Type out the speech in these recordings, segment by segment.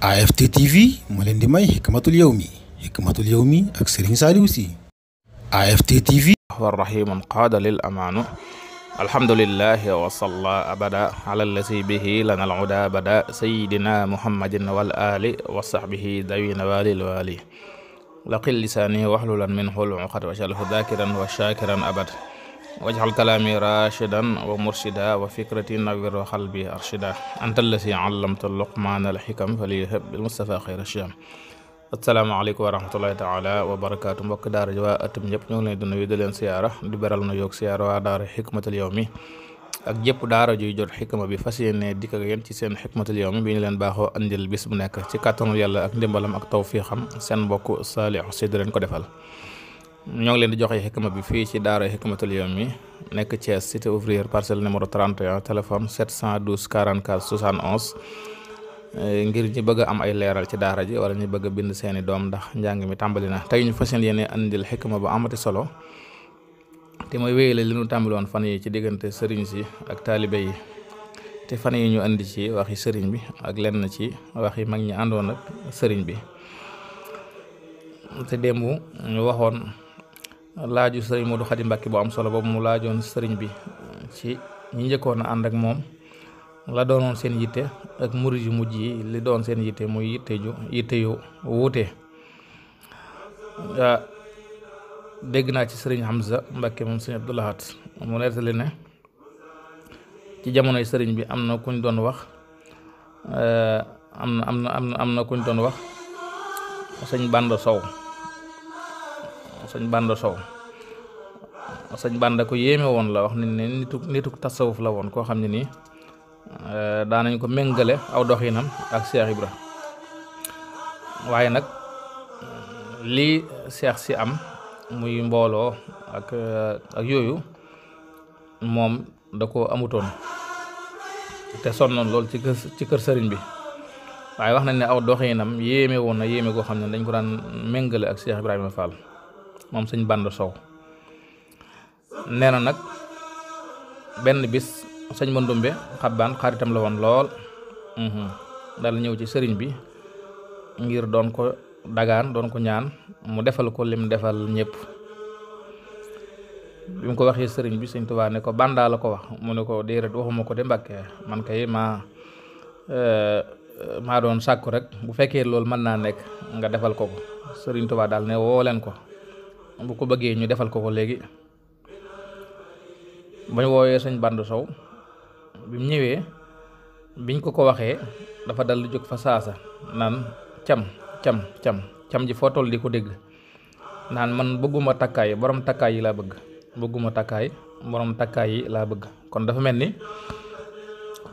AFT TV moo leen di may xikmatul yawmi xikmatul yawmi ak Serigne Saliou Sy AFT TV rahimun qaada lil amaanu alhamdulillahi wa salla abada ala allasi bihi lana al uda bada sayidina muhammadin wal ali wa sahbihi dawina walil wali laqil lisaani waxlulan min xul uqad wa shalhu dakiran wa shakiran abad wajal kalaami rashidan wa murshida wa fikrati nawir wa xalbi arshida anta allasi allamta luqmaan alxikam faliyahab bil mustafa xayra shiyam asalaamaaleykum wa rahmatullahi taala wa barakaatu mbokk daara ji waa atum ñëpp ñoo ngi leen di nuyu di leen siyaara di beral na yoog siyaara waa daara xikmatul yawmi ak jëpp daara juy jot xikma bi fas yéene dikk ak yéen ci seen xikmatul yawmi bi ñu leen baaxoo andil bis bu nekk ci kàttanul yàlla ak ndimbalam ak tawfiixam seen mbokk Saliou Sy di ko defal ñoo ngi leen di joxe xikma bi fii ci daara Hikmatul Yawmi nekk Thiès cité ouvrière parcelle numéro 31 téléphone 712 44 71 ngir ñi bëgg am ay leeral ci daara ji wala ñu bëgg a bind seeni doom ndax njàng mi tàmbali na tey ñu fas yéene andil xikma bu amati solo te mooy wéyale li ñu tàmbali fan yi ci diggante sëriñ si ak taalibe yi te fan yi ñu andi ci yi sëriñ bi ak lenn ci wax yi mag ñi àndoon ak sëriñ bi te démb ñu waxoon. laaju sëriñ Modou Khady mbakki boo am solo boobu mu laajoon sëriñ bi ci ñi njëkkoon a ànd ak moom la doonoon seen yitte ak murid yu mujj yi li doon seen yitte muy yitte ju yitte yu wuute ah, dégg naa ci sëriñ Hamza Mbacke moom sëriñ Abdou Lahad mu nettali ne ci jamonoy sëriñ bi am na kuñ doon wax eh, am na am na am na kuñ doon wax sëñ Banda Sow sëñ bànd Sow sëñ Bànda ko yéeme woon la wax nañ ne nituk nituk tasawuf la woon koo xam ne nii eh, daanañ ko méngale aw doxinam ak Cheikh Ibra waaye nag lii Cheikh si am muy mbooloo ak eh, ak yooyu moom da ko amutoon te sonnoon lool ci kër ci kër sëriñ bi waaye wax nañ ni aw doxinam yéeme woon na yéeme goo xam ne dañ ko daan méngale ak Cheikh Ibrahima Fall moom sëñ Bànd Sow nee na nag benn bis sëñ Mandumbe xabbaan xaritam la woon lool mhm. dal ñëw ci sëriñ bi ngir doon ko dagaan doon ko ñaan mu defal ko lim defal ñépp bi ko waxee sëriñ bi sëñ Tuubaa ne ko Bàndaa la ko wax mu ne ko déedéet waxuma ko de Mbàkke man kay maa eh, maa doon sàkku rek bu fekkee loolu mën naa nekk nga defal ko ko sëriñ Tuubaa daal ne woo leen ko bu ko bëggee ñu defal ko ko léegi bañ woowee sëñ Bandu Sow bi mu ñëwee biñ ko ko waxee dafa dal jóg fa saasa naan cam cam cam cam ji foo toll di ko dégg naan man bëgguma takkaay borom takkaay yi laa bëgg bëgguma takkaay borom takkaay yi laa bëgg kon dafa mel ni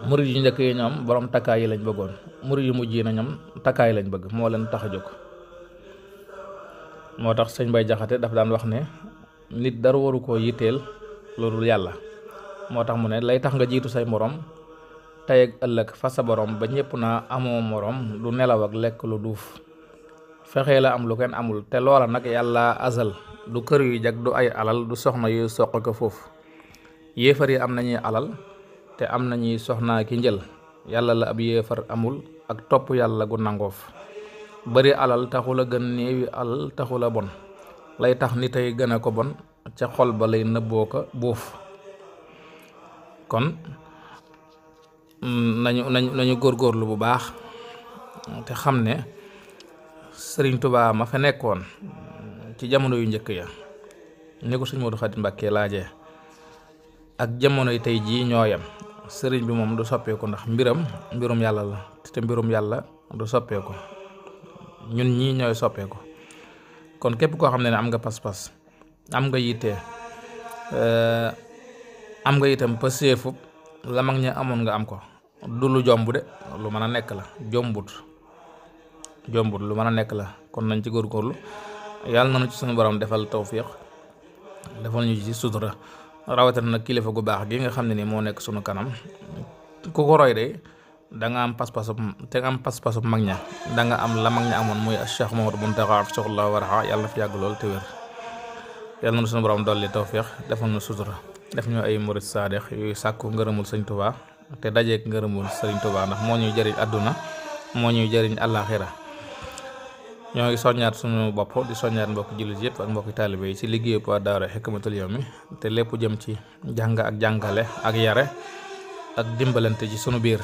murid yu njëkk yi ñoom borom takkaay yi lañ bëggoon murid yu mujj yi na ñoom takkaay lañ bëgg moo leen tax a jóg moo tax sëñ Bay Jaxate daf daan wax ne nit dara waru koo yitteel loolu yàlla moo tax mu ne lay tax nga jiitu say moroom tey ak ëllëg fa sa borom ba ñëpp naa amoo moroom du nelaw ak lekk lu duuf fexe la am lu kenn amul te loola nag yàlla asal du kër yu jag du ay alal du soxna yu soq ko foofu yéefar yi am nañuy alal te am nañuy soxnaa ki njël yàlla la ab yéefar amul ak topp yàlla gu nangoof bari alal taxul a gën néewi alal taxul a bon lay tax nit ay gën a ko bon ca xol ba lay nëbboo ko bóof kon mm, nañu nañu nañu góorgóorlu bu baax te xam ne sëriñ Tuubaa a fa nekkoon ci jamono yu njëkk ya ni ko sëriñ Moodu Xaadim Mbàkke laaje ak jamono yi tey jii ñooyam sëriñ bi moom du soppeeku ndax mbiram mbirum yàlla la te mbirum yàlla du soppeeku ñun ñii ñooy soppeeku kon képp koo xam ne ne am nga pas-pas am nga yitte eh, am nga itam paseefu la mag ña amoon nga am ko du lu jomb de lu mën a nekk la jombut jombut lu mën a nekk la kon nañ ci góorgóorlu yàlla nañu ci suñu borom defal tawfiq defal ñu ci sutura rawatina nag kilifa gu baax gii nga xam ne nii moo nekk suñu kanam ku ko roy de danga am pas-pasu te nga am pas-pasu mag ña danga am la mag ña amoon muy Cheikh Mouhamadou Mountakha afsahullaahu warha yàlla na fi yàgg loolu te wér yàlla na suñu borom dolli tawféex defal na sutura def ñu ay murit saadex yuy sàkku ngërëmul sëñ Tuubaa te dajeek ngërëmul sëñ Tuubaa ndax moo ñuy jëriñ àdduna moo ñuy jëriñ àllaaxira ñoo ngi soññaat suñu bopp di soññaat mbokki jullit yëpp ak mbokki taalibe yi ci liggéeyu waa daara Hikmatul Yawmi te lépp jëm ci jàng ak jàngale ak yare ak dimbalante ci sunu biir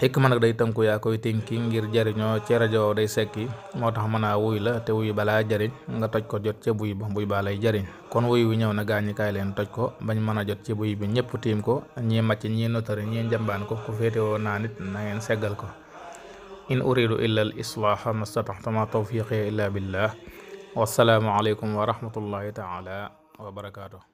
xikma nag day tënku yaa koy tinki ngir jariñoo ci rajo day sekki moo tax mën a wuy la te wuy balaa jariñ nga toj ko jot ca buy ba buy baa lay jariñ kon wuy wi ñëw na gaañukaay leen toj ko bañ mën a jot ca buy bi ñëpp tiim ko ñii màcc ñii notari ñii njambaan ko ku féete woon naa nit nangeen seggal ko in uridu illa al islaaha mastataxtama tawfiqi illa billah wassalaamu aleykum wa rahmatullahi taala wa barakaatu